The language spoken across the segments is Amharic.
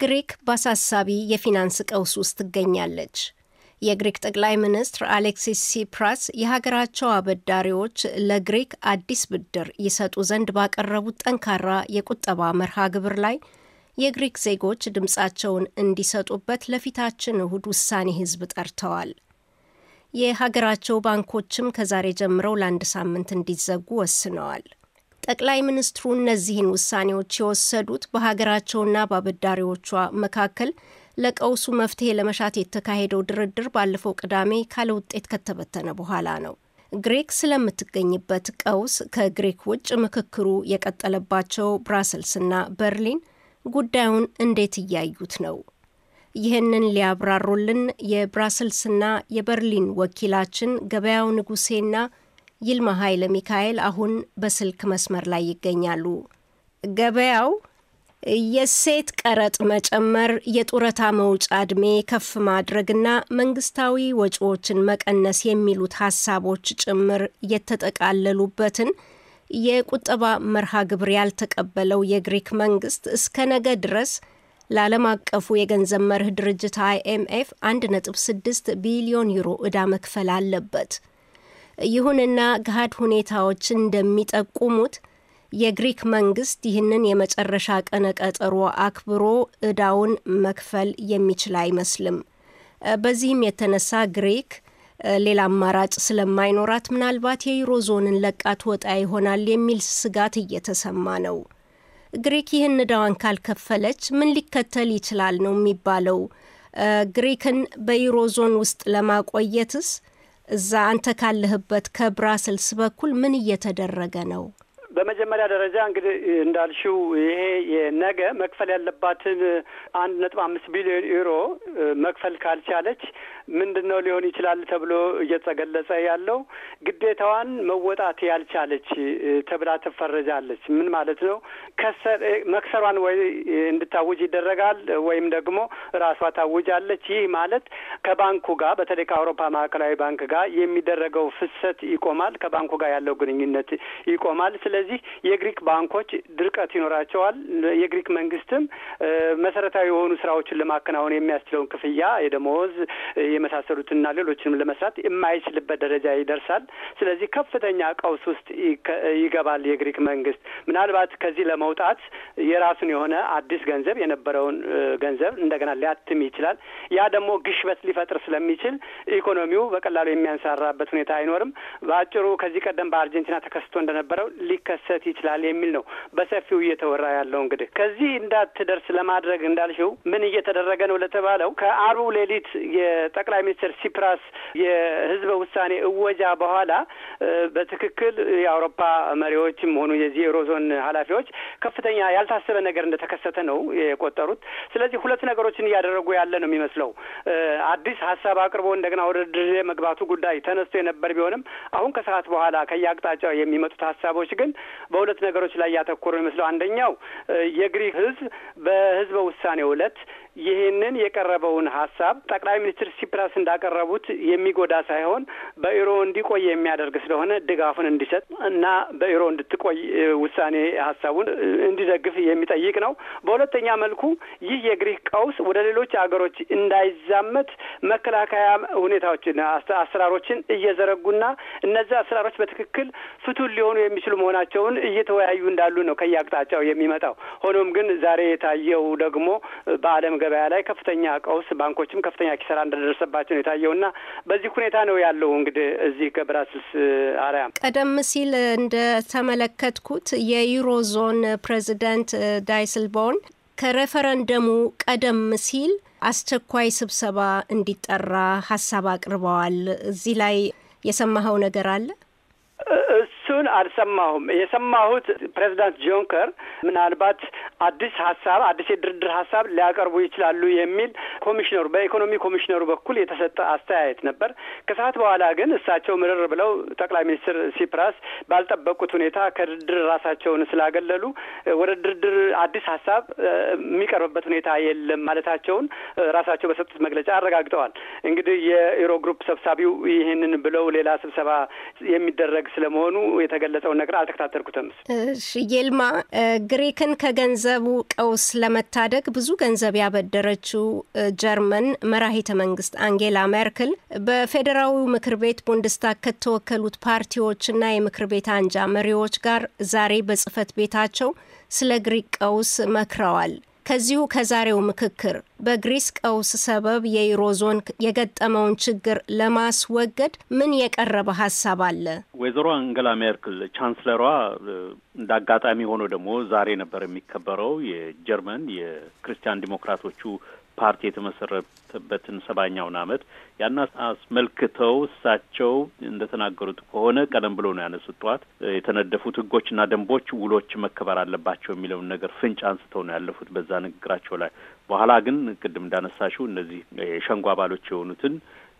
ግሪክ በአሳሳቢ የፊናንስ ቀውስ ውስጥ ትገኛለች። የግሪክ ጠቅላይ ሚኒስትር አሌክሲስ ሲፕራስ የሀገራቸው አበዳሪዎች ለግሪክ አዲስ ብድር ይሰጡ ዘንድ ባቀረቡት ጠንካራ የቁጠባ መርሃ ግብር ላይ የግሪክ ዜጎች ድምፃቸውን እንዲሰጡበት ለፊታችን እሁድ ውሳኔ ህዝብ ጠርተዋል። የሀገራቸው ባንኮችም ከዛሬ ጀምረው ለአንድ ሳምንት እንዲዘጉ ወስነዋል። ጠቅላይ ሚኒስትሩ እነዚህን ውሳኔዎች የወሰዱት በሀገራቸውና በአበዳሪዎቿ መካከል ለቀውሱ መፍትሄ ለመሻት የተካሄደው ድርድር ባለፈው ቅዳሜ ካለ ውጤት ከተበተነ በኋላ ነው። ግሪክ ስለምትገኝበት ቀውስ ከግሪክ ውጭ ምክክሩ የቀጠለባቸው ብራሰልስና በርሊን ጉዳዩን እንዴት እያዩት ነው? ይህንን ሊያብራሩልን የብራሰልስና የበርሊን ወኪላችን ገበያው ንጉሴና ይልማ ኃይለ ሚካኤል አሁን በስልክ መስመር ላይ ይገኛሉ። ገበያው የሴት ቀረጥ መጨመር፣ የጡረታ መውጫ ዕድሜ ከፍ ማድረግና መንግስታዊ ወጪዎችን መቀነስ የሚሉት ሀሳቦች ጭምር የተጠቃለሉበትን የቁጠባ መርሃ ግብር ያልተቀበለው የግሪክ መንግስት እስከ ነገ ድረስ ለዓለም አቀፉ የገንዘብ መርህ ድርጅት አይኤምኤፍ 1.6 ቢሊዮን ዩሮ ዕዳ መክፈል አለበት። ይሁንና ገሃድ ሁኔታዎች እንደሚጠቁሙት የግሪክ መንግስት ይህንን የመጨረሻ ቀነ ቀጠሮ አክብሮ እዳውን መክፈል የሚችል አይመስልም። በዚህም የተነሳ ግሪክ ሌላ አማራጭ ስለማይኖራት ምናልባት የዩሮ ዞንን ለቃ ይሆናል የሚል ስጋት እየተሰማ ነው። ግሪክ ይህን እዳዋን ካልከፈለች ምን ሊከተል ይችላል ነው የሚባለው። ግሪክን በዩሮ ዞን ውስጥ ለማቆየትስ እዛ አንተ ካለህበት ከብራስልስ በኩል ምን እየተደረገ ነው? በመጀመሪያ ደረጃ እንግዲህ እንዳልሽው ይሄ የነገ መክፈል ያለባትን አንድ ነጥብ አምስት ቢሊዮን ዩሮ መክፈል ካልቻለች ምንድን ነው ሊሆን ይችላል ተብሎ እየተገለጸ ያለው ግዴታዋን መወጣት ያልቻለች ተብላ ትፈረጃለች። ምን ማለት ነው? መክሰሯን ወይ እንድታውጅ ይደረጋል ወይም ደግሞ ራሷ ታውጃለች። ይህ ማለት ከባንኩ ጋር በተለይ ከአውሮፓ ማዕከላዊ ባንክ ጋር የሚደረገው ፍሰት ይቆማል። ከባንኩ ጋር ያለው ግንኙነት ይቆማል። ስለ ስለዚህ የግሪክ ባንኮች ድርቀት ይኖራቸዋል። የግሪክ መንግስትም መሰረታዊ የሆኑ ስራዎችን ለማከናወን የሚያስችለውን ክፍያ፣ የደሞዝ የመሳሰሉትንና ሌሎችንም ለመስራት የማይችልበት ደረጃ ይደርሳል። ስለዚህ ከፍተኛ ቀውስ ውስጥ ይገባል የግሪክ መንግስት። ምናልባት ከዚህ ለመውጣት የራሱን የሆነ አዲስ ገንዘብ የነበረውን ገንዘብ እንደገና ሊያትም ይችላል። ያ ደግሞ ግሽበት ሊፈጥር ስለሚችል ኢኮኖሚው በቀላሉ የሚያንሰራበት ሁኔታ አይኖርም። በአጭሩ ከዚህ ቀደም በአርጀንቲና ተከስቶ እንደነበረው ሊከ ሊከሰት ይችላል የሚል ነው በሰፊው እየተወራ ያለው። እንግዲህ ከዚህ እንዳትደርስ ለማድረግ እንዳልሽው ምን እየተደረገ ነው ለተባለው ከአርቡ ሌሊት የጠቅላይ ሚኒስትር ሲፕራስ የህዝበ ውሳኔ እወጃ በኋላ በትክክል የአውሮፓ መሪዎችም ሆኑ የዚህ ዩሮዞን ኃላፊዎች ከፍተኛ ያልታሰበ ነገር እንደተከሰተ ነው የቆጠሩት። ስለዚህ ሁለት ነገሮችን እያደረጉ ያለ ነው የሚመስለው። አዲስ ሀሳብ አቅርቦ እንደገና ወደ ድርድር መግባቱ ጉዳይ ተነስቶ የነበር ቢሆንም አሁን ከሰዓት በኋላ ከየአቅጣጫው የሚመጡት ሀሳቦች ግን በሁለት ነገሮች ላይ ያተኮሩ ይመስለው። አንደኛው የግሪክ ህዝብ በህዝበ ውሳኔ ዕለት ይህንን የቀረበውን ሀሳብ ጠቅላይ ሚኒስትር ሲፕራስ እንዳቀረቡት የሚጎዳ ሳይሆን በኢሮ እንዲቆይ የሚያደርግ ስለሆነ ድጋፉን እንዲሰጥ እና በኢሮ እንድትቆይ ውሳኔ ሀሳቡን እንዲደግፍ የሚጠይቅ ነው። በሁለተኛ መልኩ ይህ የግሪክ ቀውስ ወደ ሌሎች አገሮች እንዳይዛመት መከላከያ ሁኔታዎችን፣ አሰራሮችን እየዘረጉና እነዚህ አሰራሮች በትክክል ፍቱን ሊሆኑ የሚችሉ መሆናቸውን እየተወያዩ እንዳሉ ነው ከየአቅጣጫው የሚመጣው። ሆኖም ግን ዛሬ የታየው ደግሞ በዓለም ገበያ ላይ ከፍተኛ ቀውስ፣ ባንኮችም ከፍተኛ ኪሰራ እንደደረሰባቸው ነው የታየው እና በዚህ ሁኔታ ነው ያለው። እንግዲህ እንግዲህ እዚህ ከብራስልስ አርያም ቀደም ሲል እንደተመለከትኩት የዩሮ ዞን ፕሬዚዳንት ዳይስልቦን ከሬፈረንደሙ ቀደም ሲል አስቸኳይ ስብሰባ እንዲጠራ ሀሳብ አቅርበዋል። እዚህ ላይ የሰማኸው ነገር አለ? እሱን አልሰማሁም። የሰማሁት ፕሬዚዳንት ጆንከር ምናልባት አዲስ ሀሳብ አዲስ የድርድር ሀሳብ ሊያቀርቡ ይችላሉ የሚል ኮሚሽነሩ በኢኮኖሚ ኮሚሽነሩ በኩል የተሰጠ አስተያየት ነበር። ከሰዓት በኋላ ግን እሳቸው ምርር ብለው ጠቅላይ ሚኒስትር ሲፕራስ ባልጠበቁት ሁኔታ ከድርድር ራሳቸውን ስላገለሉ ወደ ድርድር አዲስ ሀሳብ የሚቀርብበት ሁኔታ የለም ማለታቸውን ራሳቸው በሰጡት መግለጫ አረጋግጠዋል። እንግዲህ የኢሮ ግሩፕ ሰብሳቢው ይህንን ብለው ሌላ ስብሰባ የሚደረግ ስለመሆኑ የተገለጸውን ነገር አልተከታተልኩትም። ይልማ ግሪክን ከገንዘብ ከገንዘቡ ቀውስ ለመታደግ ብዙ ገንዘብ ያበደረችው ጀርመን መራሂተ መንግስት አንጌላ ሜርክል በፌዴራዊ ምክር ቤት ቡንድስታግ ከተወከሉት ፓርቲዎችና የምክር ቤት አንጃ መሪዎች ጋር ዛሬ በጽህፈት ቤታቸው ስለ ግሪክ ቀውስ መክረዋል። ከዚሁ ከዛሬው ምክክር በግሪስ ቀውስ ሰበብ የዩሮ ዞን የገጠመውን ችግር ለማስወገድ ምን የቀረበ ሀሳብ አለ? ወይዘሮ አንገላ ሜርክል ቻንስለሯ፣ እንደ አጋጣሚ ሆኖ ደግሞ ዛሬ ነበር የሚከበረው የጀርመን የክርስቲያን ዲሞክራቶቹ ፓርቲ የተመሰረተበትን ሰባኛውን አመት ያን አስመልክተው እሳቸው እንደተናገሩት ከሆነ ቀደም ብሎ ነው ያነሱት። ጠዋት የተነደፉት ህጎችና ደንቦች፣ ውሎች መከበር አለባቸው የሚለውን ነገር ፍንጭ አንስተው ነው ያለፉት በዛ ንግግራቸው ላይ። በኋላ ግን ቅድም እንዳነሳሽው እነዚህ የሸንጎ አባሎች የሆኑትን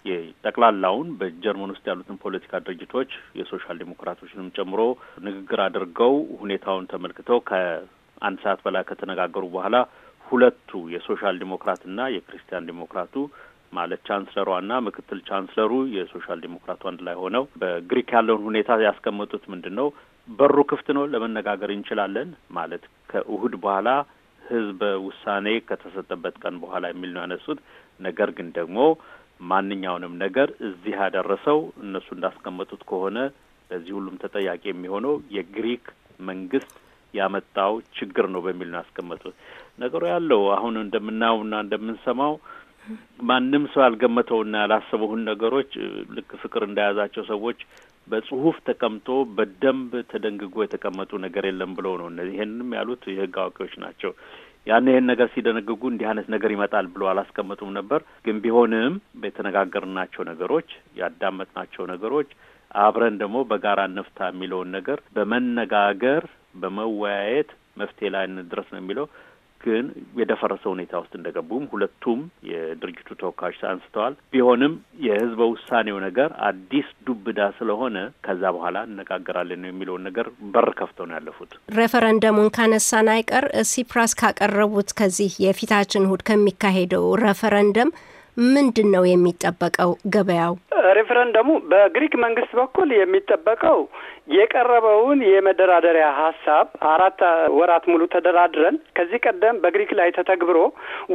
የጠቅላላውን በጀርመን ውስጥ ያሉትን ፖለቲካ ድርጅቶች የሶሻል ዴሞክራቶችንም ጨምሮ ንግግር አድርገው ሁኔታውን ተመልክተው ከአንድ ሰዓት በላይ ከተነጋገሩ በኋላ ሁለቱ የሶሻል ዲሞክራትና የክርስቲያን ዲሞክራቱ ማለት ቻንስለሯና ምክትል ቻንስለሩ የሶሻል ዲሞክራቱ አንድ ላይ ሆነው በግሪክ ያለውን ሁኔታ ያስቀመጡት ምንድን ነው? በሩ ክፍት ነው፣ ለመነጋገር እንችላለን ማለት ከእሁድ በኋላ ህዝብ ውሳኔ ከተሰጠበት ቀን በኋላ የሚል ነው ያነሱት። ነገር ግን ደግሞ ማንኛውንም ነገር እዚህ ያደረሰው እነሱ እንዳስቀመጡት ከሆነ በዚህ ሁሉም ተጠያቂ የሚሆነው የግሪክ መንግስት ያመጣው ችግር ነው በሚል ነው ያስቀመጡት። ነገሩ ያለው አሁን እንደምናየውና እንደምንሰማው ማንም ሰው ያልገመተውና ያላሰበውን ነገሮች ልክ ፍቅር እንደያዛቸው ሰዎች በጽሁፍ ተቀምጦ በደንብ ተደንግጎ የተቀመጡ ነገር የለም ብለው ነው እነዚህ ይህንንም ያሉት የህግ አዋቂዎች ናቸው። ያን ይህን ነገር ሲደነግጉ እንዲህ አይነት ነገር ይመጣል ብሎ አላስቀመጡም ነበር። ግን ቢሆንም የተነጋገርናቸው ነገሮች፣ ያዳመጥናቸው ነገሮች አብረን ደግሞ በጋራ እንፍታ የሚለውን ነገር በመነጋገር በመወያየት መፍትሄ ላይ እንድረስ ነው የሚለው ግን የደፈረሰ ሁኔታ ውስጥ እንደገቡም ሁለቱም የድርጅቱ ተወካዮች አንስተዋል። ቢሆንም የህዝበ ውሳኔው ነገር አዲስ ዱብዳ ስለሆነ ከዛ በኋላ እነጋገራለን የሚለውን ነገር በር ከፍተው ነው ያለፉት። ሬፈረንደሙን ካነሳን አይቀር ሲፕራስ ካቀረቡት ከዚህ የፊታችን እሁድ ከሚካሄደው ሬፈረንደም ምንድን ነው የሚጠበቀው? ገበያው ሬፈረንደሙ በግሪክ መንግስት በኩል የሚጠበቀው የቀረበውን የመደራደሪያ ሀሳብ አራት ወራት ሙሉ ተደራድረን ከዚህ ቀደም በግሪክ ላይ ተተግብሮ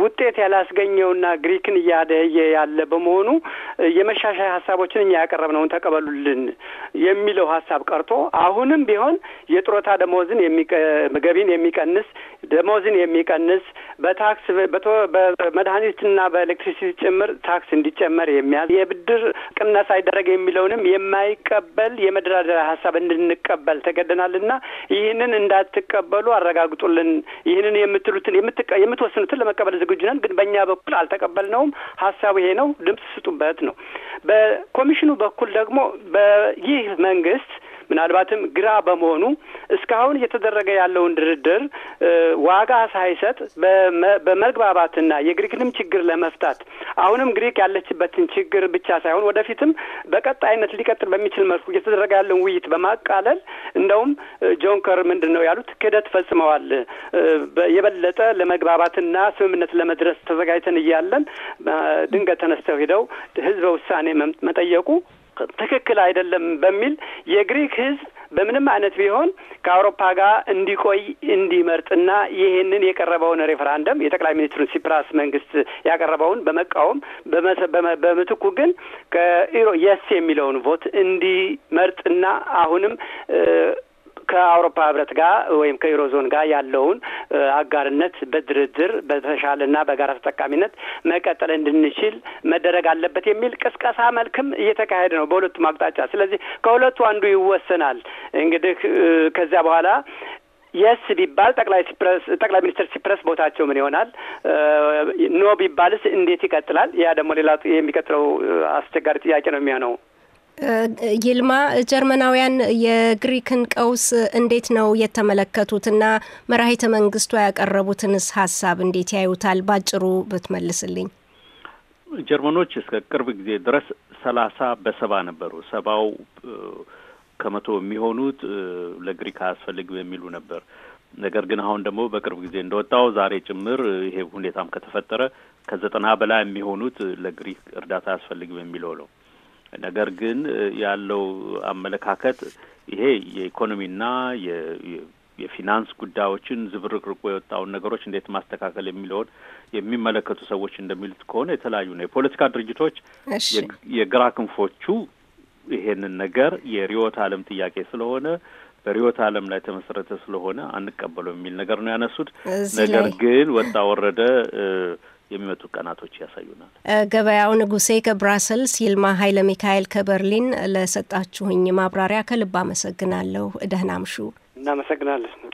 ውጤት ያላስገኘውና ግሪክን እያደየ ያለ በመሆኑ የመሻሻያ ሀሳቦችን እኛ ያቀረብነውን ተቀበሉልን የሚለው ሀሳብ ቀርቶ አሁንም ቢሆን የጡረታ ደሞዝን ገቢን የሚቀንስ ደሞዝን የሚቀንስ በታክስ በመድኃኒትና በኤሌክትሪሲቲ ጭምር ታክስ እንዲጨመር የሚያዝ የብድር ቅነሳ ይደረግ የሚለውንም የማይቀበል የመደራደሪያ ሀሳብ እንድንቀበል ተገደናልና ይህንን እንዳትቀበሉ አረጋግጡልን። ይህንን የምትሉትን የምትወስኑትን ለመቀበል ዝግጁ ነን፣ ግን በእኛ በኩል አልተቀበልነውም። ሀሳቡ ይሄ ነው፣ ድምፅ ስጡበት ነው። በኮሚሽኑ በኩል ደግሞ በይህ መንግስት ምናልባትም ግራ በመሆኑ እስካሁን እየተደረገ ያለውን ድርድር ዋጋ ሳይሰጥ በመግባባትና የግሪክንም ችግር ለመፍታት አሁንም ግሪክ ያለችበትን ችግር ብቻ ሳይሆን ወደፊትም በቀጣይነት ሊቀጥል በሚችል መልኩ እየተደረገ ያለውን ውይይት በማቃለል እንደውም ጆንከር ምንድን ነው ያሉት ክህደት ፈጽመዋል። የበለጠ ለመግባባትና ስምምነት ለመድረስ ተዘጋጅተን እያለን ድንገት ተነስተው ሄደው ህዝበ ውሳኔ መጠየቁ ትክክል አይደለም በሚል የግሪክ ህዝብ በምንም አይነት ቢሆን ከአውሮፓ ጋር እንዲቆይ እንዲመርጥና ይህንን የቀረበውን ሬፈራንደም የጠቅላይ ሚኒስትሩን ሲፕራስ መንግስት ያቀረበውን በመቃወም በምትኩ ግን ከኢሮ የስ የሚለውን ቮት እንዲመርጥና አሁንም ከአውሮፓ ህብረት ጋር ወይም ከዩሮዞን ጋር ያለውን አጋርነት በድርድር በተሻለና በጋራ ተጠቃሚነት መቀጠል እንድንችል መደረግ አለበት የሚል ቅስቀሳ መልክም እየተካሄደ ነው በሁለቱም አቅጣጫ። ስለዚህ ከሁለቱ አንዱ ይወሰናል። እንግዲህ ከዚያ በኋላ የስ ቢባል ጠቅላይ ሲፕረስ ጠቅላይ ሚኒስትር ሲፕረስ ቦታቸው ምን ይሆናል? ኖ ቢባልስ እንዴት ይቀጥላል? ያ ደግሞ ሌላ የሚቀጥለው አስቸጋሪ ጥያቄ ነው የሚሆነው። ይልማ ጀርመናውያን የግሪክን ቀውስ እንዴት ነው የተመለከቱት እና መራሄተ መንግስቷ ያቀረቡትንስ ሀሳብ እንዴት ያዩታል? ባጭሩ ብትመልስልኝ። ጀርመኖች እስከ ቅርብ ጊዜ ድረስ ሰላሳ በሰባ ነበሩ። ሰባው ከመቶ የሚሆኑት ለግሪክ አያስፈልግም የሚሉ ነበር። ነገር ግን አሁን ደግሞ በቅርብ ጊዜ እንደወጣው ዛሬ ጭምር ይሄ ሁኔታም ከተፈጠረ ከዘጠና በላይ የሚሆኑት ለግሪክ እርዳታ አያስፈልግም የሚለው ነው። ነገር ግን ያለው አመለካከት ይሄ የኢኮኖሚና የፊናንስ ጉዳዮችን ዝብርቅርቆ የወጣውን ነገሮች እንዴት ማስተካከል የሚለውን የሚመለከቱ ሰዎች እንደሚሉት ከሆነ የተለያዩ ነው። የፖለቲካ ድርጅቶች የግራ ክንፎቹ ይሄንን ነገር የሪዮት ዓለም ጥያቄ ስለሆነ በሪዮት ዓለም ላይ ተመሰረተ ስለሆነ አንቀበለው የሚል ነገር ነው ያነሱት። ነገር ግን ወጣ ወረደ የሚመጡ ቀናቶች ያሳዩናል። ገበያው ንጉሴ ከብራሰልስ፣ ይልማ ኃይለ ሚካኤል ከበርሊን ለሰጣችሁኝ ማብራሪያ ከልብ አመሰግናለሁ። ደህና እናመሰግናለን።